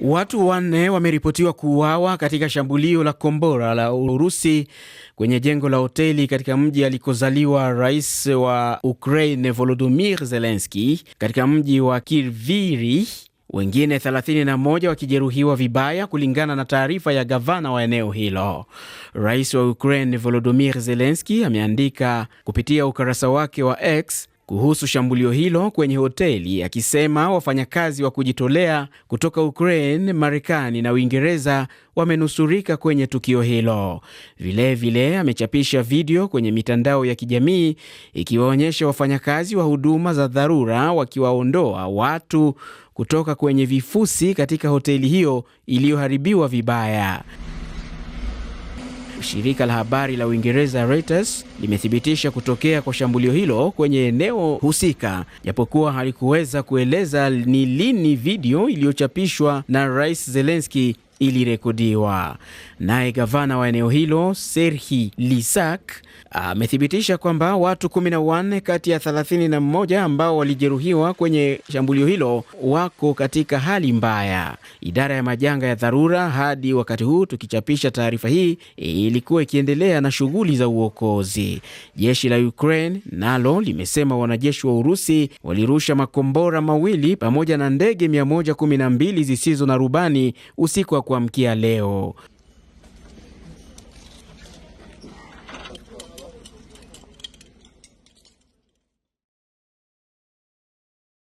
Watu wanne wameripotiwa kuuawa katika shambulio la kombora la Urusi kwenye jengo la hoteli katika mji alikozaliwa rais wa Ukraine Volodymyr Zelensky katika mji wa Kirviri, wengine 31 wakijeruhiwa vibaya, kulingana na taarifa ya gavana wa eneo hilo. Rais wa Ukraine Volodymyr Zelensky ameandika kupitia ukurasa wake wa X kuhusu shambulio hilo kwenye hoteli, akisema wafanyakazi wa kujitolea kutoka Ukraine, Marekani na Uingereza wamenusurika kwenye tukio hilo. Vilevile vile, amechapisha video kwenye mitandao ya kijamii ikiwaonyesha wafanyakazi wa huduma za dharura wakiwaondoa watu kutoka kwenye vifusi katika hoteli hiyo iliyoharibiwa vibaya. Shirika la habari la Uingereza Reuters limethibitisha kutokea kwa shambulio hilo kwenye eneo husika, japokuwa halikuweza kueleza ni lini video iliyochapishwa na Rais Zelensky ilirekodiwa. Naye gavana wa eneo hilo Serhi Lisak amethibitisha kwamba watu 14 kati ya 31 ambao walijeruhiwa kwenye shambulio hilo wako katika hali mbaya. Idara ya majanga ya dharura, hadi wakati huu tukichapisha taarifa hii, ilikuwa ikiendelea na shughuli za uokozi. Jeshi la Ukraine nalo limesema wanajeshi wa Urusi walirusha makombora mawili pamoja na ndege 112 zisizo na rubani usiku wa kuamkia leo.